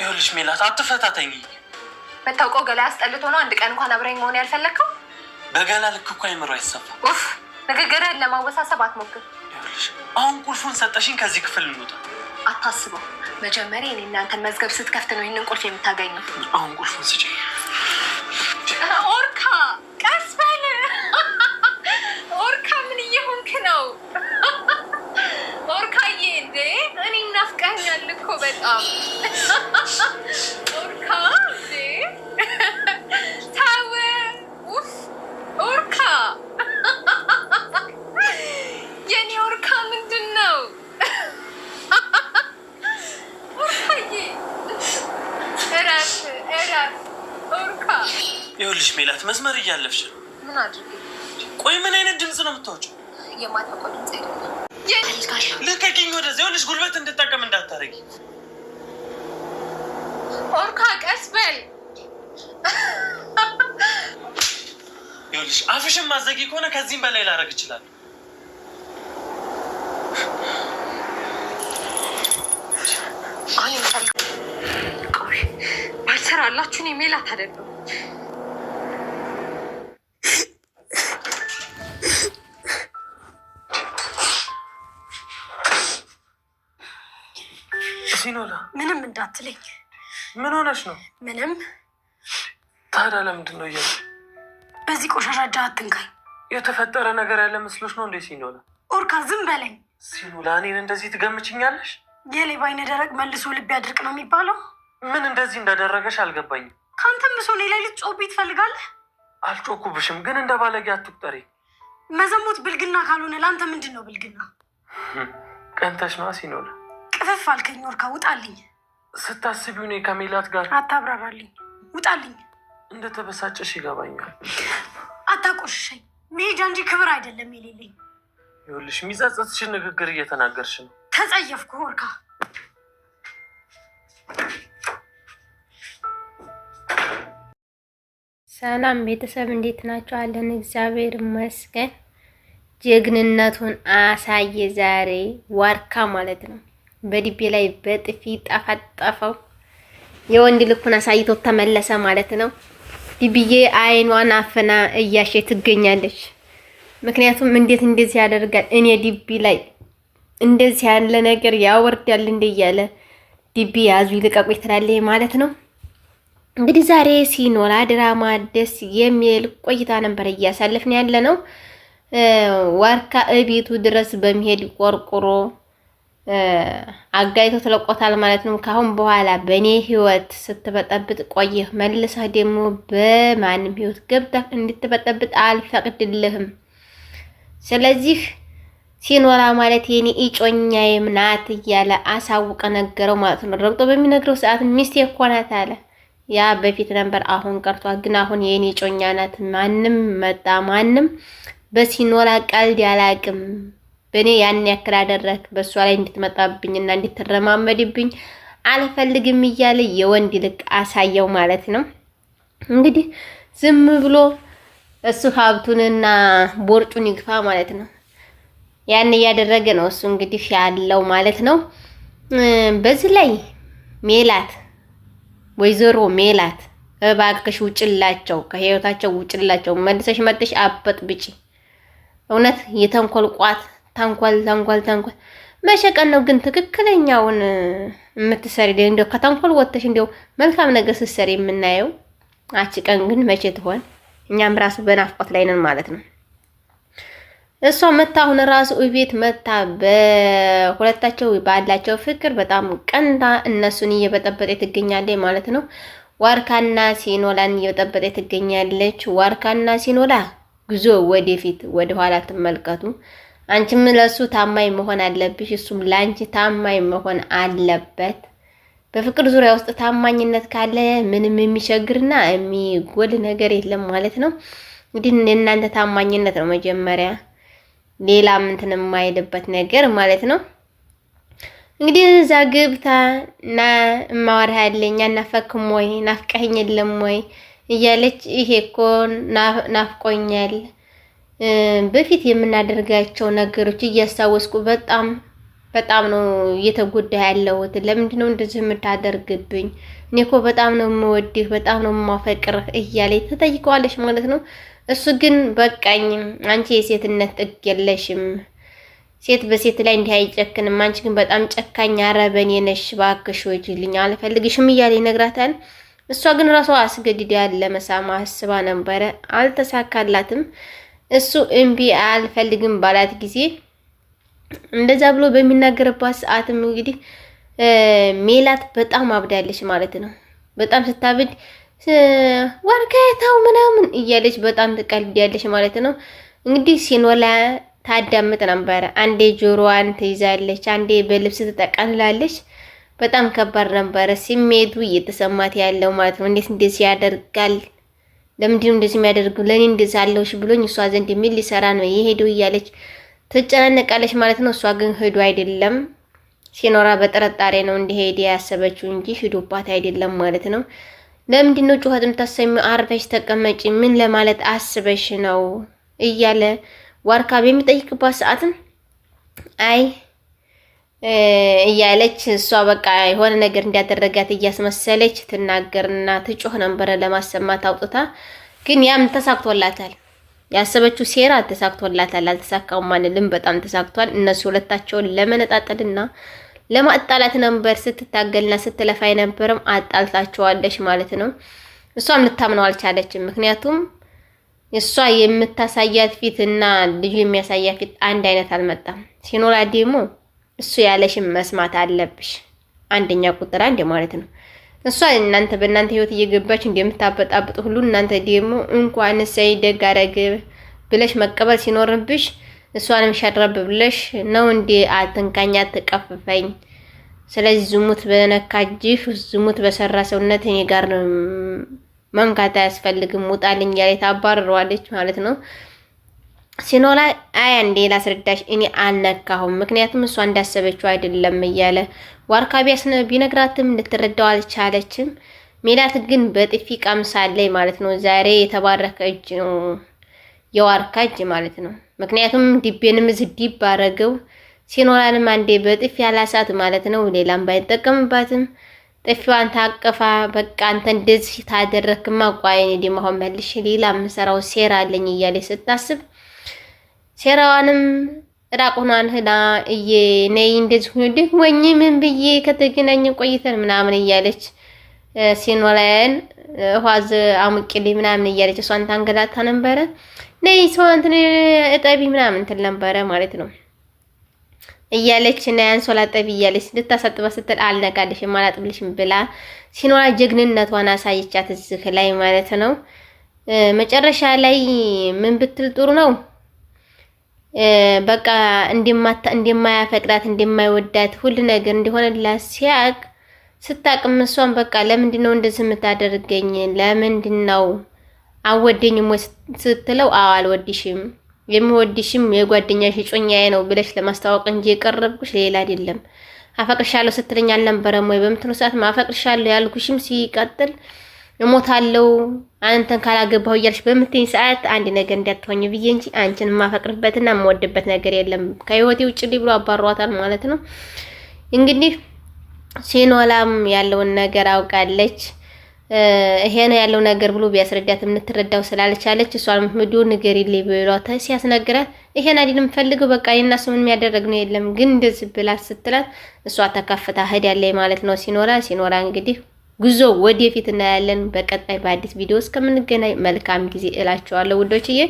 ይኸውልሽ ሜላት አትፈታተኝ። የምታውቀው ገላ ያስጠልቶ ነው። አንድ ቀን እንኳን አብረኝ መሆን ያልፈለግከው በገላ ልክ እኮ አይምሮ አይሰማ። ኡፍ ንግግርህን ለማወሳሰብ አትሞክር። ይኸውልሽ አሁን ቁልፉን ሰጠሽኝ፣ ከዚህ ክፍል እንውጣ። አታስበው። መጀመሪያ እኔ እናንተን መዝገብ ስትከፍት ነው ይህንን ቁልፍ የምታገኘው። አሁን ቁልፉን ስጭ። ኦርካ ቀስ በል ኦርካ፣ ምን እየሆንክ ነው? ኦርካዬ እንዴ፣ እኔ እናፍቀኸኛል እኮ በጣም መስመር እያለፍሽ ምን አድርግ? ቆይ ምን አይነት ድምፅ ነው የምታወጪው? የማታውቀው ድምፅ አይደለም። ልቀቂኝ ወደዚያ። ይኸውልሽ ጉልበት እንድጠቀም እንዳታረጊ። ኦርካ ቀስ በል። ይኸውልሽ አፍሽን ማዘጊ ከሆነ ከዚህም በላይ ላደርግ እችላለሁ። ባልሰራ አላችሁን? ሜላት አይደለም ሲኖላ ምንም እንዳትለኝ። ምን ሆነሽ ነው? ምንም። ታዲያ ለምንድን ነው እያለ በዚህ ቆሻሻ እጅ አትንካኝ። የተፈጠረ ነገር ያለ መስሎሽ ነው እንዴ? ሲኖላ ኦርካ፣ ዝም በለኝ። ሲኖላ እኔን እንደዚህ ትገምችኛለሽ? የሌባ አይነ ደረቅ መልሶ ልብ ያድርቅ ነው የሚባለው። ምን እንደዚህ እንዳደረገሽ አልገባኝም። ከአንተም ብሶ እኔ ላይ ልትጮህብኝ ትፈልጋለህ? አልጮኩብሽም፣ ግን እንደ ባለጌ አትቁጠሪ። መዘሙት ብልግና ካልሆነ ለአንተ ምንድን ነው ብልግና? ቀንተሽ ነዋ ሲኖላ ቅፍፍ አልከኝ ወርካ፣ ውጣልኝ። ስታስቢው እኔ ከሜላት ጋር አታብራራልኝ፣ ውጣልኝ። እንደተበሳጨሽ ይገባኛል። አታቆሽሸኝ። መሄጃ እንጂ ክብር አይደለም የሌለኝ። ይኸውልሽ የሚጸጽትሽን ንግግር እየተናገርሽ ነው። ተጸየፍኩ ወርካ። ሰላም ቤተሰብ እንዴት ናቸው? አለን እግዚአብሔር ይመስገን። ጀግንነቱን አሳየ ዛሬ ዋርካ ማለት ነው። በድቤ ላይ በጥፊ ጠፈጠፈው። የወንድ ልኩን አሳይቶ ተመለሰ ማለት ነው። ድብዬ አይኗን አፍና እያሸ ትገኛለች። ምክንያቱም እንዴት እንደዚህ ያደርጋል እኔ ዲቢ ላይ እንደዚህ ያለ ነገር ያወርዳል እንዴ? እያለ ዲቢ ያዙ ይልቀቁ ይትላል ማለት ነው። እንግዲህ ዛሬ ሲኖላ ድራማ ደስ የሚል ቆይታ ነበር እያሳለፍን ያለ ነው። ዋርካ እቤቱ ድረስ በሚሄድ ቆርቆሮ አጋይቶ ተለቆታል ማለት ነው። ካሁን በኋላ በእኔ ህይወት ስትበጠብጥ ቆየህ፣ መልሰህ ደግሞ በማንም ህይወት ገብተህ እንድትበጠብጥ አልፈቅድልህም። ስለዚህ ሲኖላ ማለት የኔ እጮኛዬም ናት እያለ አሳውቀ ነገረው ማለት ነው። ረብጦ በሚነግረው ሰዓት ሚስቴ እኮ ናት አለ። ያ በፊት ነበር፣ አሁን ቀርቷል። ግን አሁን የኔ እጮኛ ናት። ማንም መጣ ማንም በሲኖራ ቀልድ ያላቅም በእኔ ያን ያክል አደረክ፣ በእሷ ላይ እንድትመጣብኝና እንድትረማመድብኝ አልፈልግም እያለ የወንድ ልቅ አሳየው ማለት ነው። እንግዲህ ዝም ብሎ እሱ ሀብቱንና ቦርጩን ይግፋ ማለት ነው። ያን እያደረገ ነው እሱ እንግዲህ ያለው ማለት ነው። በዚህ ላይ ሜላት ወይዘሮ ሜላት እባክሽ ውጭላቸው፣ ከህይወታቸው ውጭላቸው፣ መልሰሽ መጥሽ አበጥ ብጪ እውነት የተንኮል ቋት ታንኳል ታንኳል ታንኳል መቼ ቀን ነው ግን ትክክለኛውን የምትሰሪ? እንደው ከታንኳል ወጥተሽ እንደው መልካም ነገር ስትሰሪ የምናየው አች ቀን ግን መቼ ትሆን? እኛም ራሱ በናፍቆት ላይ ነን ማለት ነው። እሷ መታ አሁን ራሱ ቤት መታ በሁለታቸው ባላቸው ፍቅር በጣም ቀንታ እነሱን እየበጠበጠ ትገኛለች ማለት ነው። ዋርካና ሲኖላን እየበጠበጠ ትገኛለች። ዋርካና ሲኖላ ጉዞ ወደፊት ወደኋላ ትመልከቱ። አንቺም ለሱ ታማኝ መሆን አለብሽ፣ እሱም ለአንቺ ታማኝ መሆን አለበት። በፍቅር ዙሪያ ውስጥ ታማኝነት ካለ ምንም የሚቸግርና የሚጎል ነገር የለም ማለት ነው። እንግዲህ እናንተ ታማኝነት ነው መጀመሪያ፣ ሌላ ምንትን የማይልበት ነገር ማለት ነው። እንግዲህ እዛ ግብታ ና እማወራ ያለኛ አናፈክም ወይ ናፍቀኸኝ የለም ወይ እያለች ይሄ እኮ ናፍቆኛል በፊት የምናደርጋቸው ነገሮች እያስታወስኩ በጣም በጣም ነው እየተጎዳ ያለሁት። ለምንድን ነው እንደዚህ የምታደርግብኝ? እኔ እኮ በጣም ነው የምወድህ፣ በጣም ነው የማፈቅርህ እያለ ተጠይቀዋለች ማለት ነው። እሱ ግን በቃኝ፣ አንቺ የሴትነት ጥግ የለሽም፣ ሴት በሴት ላይ እንዲህ አይጨክንም፣ አንቺ ግን በጣም ጨካኝ አረበኔ ነሽ፣ እባክሽ ወጪልኝ፣ አልፈልግሽም እያለ ይነግራታል። እሷ ግን ራሷ አስገድድ ያለ መሳማ አስባ ነበረ፣ አልተሳካላትም። እሱ እምቢ አልፈልግም ባላት ጊዜ እንደዛ ብሎ በሚናገርባት ሰዓትም እንግዲህ ሜላት በጣም አብዳለች ማለት ነው። በጣም ስታብድ ወርከታው ምናምን እያለች በጣም ትቀልዳለች ማለት ነው። እንግዲህ ሲኖላ ታዳምጥ ነበረ። አንዴ ጆሮዋን ትይዛለች፣ አንዴ በልብስ ትጠቀልላለች። በጣም ከባድ ነበረ ስሜቱ እየተሰማት ያለው ማለት ነው። እንዴት እንዴት ያደርጋል ለምንድነው እንደዚህ የሚያደርገው? ለእኔ እንደዛ አለውሽ ብሎኝ እሷ ዘንድ የሚል ሊሰራ ነው የሄደው እያለች ትጨናነቃለች ማለት ነው። እሷ ግን ሂዶ አይደለም ሲኖራ በጥርጣሬ ነው እንዲሄድ ያሰበችው እንጂ ሂዶባት አይደለም ማለት ነው። ለምንድን ነው ጩኸት የምታሰሚው? አርፈሽ ተቀመጪ፣ ምን ለማለት አስበሽ ነው እያለ ዋርካብ የሚጠይቅባት ሰዓትም አይ እያለች እሷ በቃ የሆነ ነገር እንዲያደረጋት እያስመሰለች ትናገርና ትጮህ ነበረ ለማሰማት አውጥታ። ግን ያም ተሳክቶላታል። ያሰበችው ሴራ ተሳክቶላታል። አልተሳካውም አንልም፣ በጣም ተሳክቷል። እነሱ ሁለታቸውን ለመነጣጠልና ለማጣላት ነበር ስትታገልና ስትለፋ የነበረም አጣልታቸዋለች ማለት ነው። እሷም ልታምነው አልቻለችም። ምክንያቱም እሷ የምታሳያት ፊት እና ልጁ የሚያሳያት ፊት አንድ አይነት አልመጣም። ሲኖላ ደግሞ እሱ ያለሽን መስማት አለብሽ። አንደኛ ቁጥር አንድ ማለት ነው። እሷ እናንተ በእናንተ ህይወት እየገባች እንደምታበጣብጥ ሁሉ እናንተ ደግሞ እንኳን ሳይ ደግ አደረገ ብለሽ መቀበል ሲኖርብሽ እሷንም ሸረብ ብለሽ ነው እንዴ? አትንካኝ፣ አትቀፍፈኝ። ስለዚህ ዝሙት በነካጅህ ዝሙት በሰራ ሰውነት እኔ ጋር መንካት አያስፈልግም፣ ውጣልኝ ያለ ታባርረዋለች ማለት ነው። ሲኖላ አይ አንዴ ላስረዳሽ፣ እኔ አልነካሁም፣ ምክንያቱም እሷ እንዳሰበችው አይደለም እያለ ዋርካ ቢነግራትም ልትረዳው አልቻለችም። ሜላት ግን በጥፊ ቀምሳለይ ማለት ነው። ዛሬ የተባረከ እጅ ነው የዋርካ እጅ ማለት ነው። ምክንያቱም ዲቤንም ዝዲ ባረገው አረገው። ሲኖላንም አንዴ በጥፊ ያላሳት ማለት ነው። ሌላም ባይጠቀምባትም ጥፊዋን ታቀፋ በቃ አንተ እንደዚህ ታደረክማ፣ ቋይኔ ዲማሆን መልሽ፣ ሌላ የምሰራው ሴራ አለኝ እያለች ስታስብ ሴራዋንም ራቁናን ህዳ እየ ነይ እንደዚህ ሁሉ ድህ ወኝ ምን ብዬ ከተገናኘ ቆይተን ምናምን እያለች ሲኖላያን ኋዝ አሙቂልኝ ምናምን እያለች እሷን ታንገላታ ነበረ። ነይ ሰዋንት እጠቢ ምናምን እንትን ነበረ ማለት ነው እያለች እና ያንሶላ ጠቢ እያለች ልታሳጥባ ስትል አልነቃልሽም አላጥብልሽም ብላ ሲኖላ ጀግንነቷን አሳየቻት እዚህ ላይ ማለት ነው። መጨረሻ ላይ ምን ብትል ጥሩ ነው በቃ እንደማያፈቅዳት እንደማይወዳት ሁሉ ነገር እንደሆነላት ሲያቅ ስታቅም እሷን በቃ ለምንድን ነው እንደዚህ የምታደርገኝ? ለምንድን ነው አወደኝም ወይ ስትለው አዎ አልወድሽም፣ የምወድሽም የጓደኛሽ እጮኛዬ ነው ብለሽ ለማስተዋወቅ እንጂ የቀረብኩሽ ሌላ አይደለም። አፈቅርሻለሁ ስትለኝ አልነበረም ወይ በምትሉ ሰዓት ማፈቅርሻለሁ ያልኩሽም ሲቀጥል እሞታለሁ አንተን ካላገባሁ እያልሽ በምትኝ ሰዓት አንድ ነገር እንዳትሆኝ ብዬ እንጂ አንቺን የማፈቅርበትና የምወድበት ነገር የለም። ከህይወቴ ውጭ ብሎ አባሯታል ማለት ነው። እንግዲህ ሲኖላም ያለውን ነገር አውቃለች። ይሄ ነው ያለው ነገር ብሎ ቢያስረዳት የምትረዳው ስላልቻለች እሷን ምዱ ንገሪልኝ ብሏት ሲያስነግራት ይሄን አይደል የምፈልገው በቃ እኔና እሱ ምን የሚያደረግ ነው የለም ግን እንደዚህ ብላት ስትላት እሷ ተከፍታ ሄዳለች ማለት ነው። ሲኖራ ሲኖራ እንግዲህ ጉዞ ወደፊት እናያለን። በቀጣይ በአዲስ ቪዲዮ እስከምንገናኝ መልካም ጊዜ እላችኋለሁ ውዶችዬ።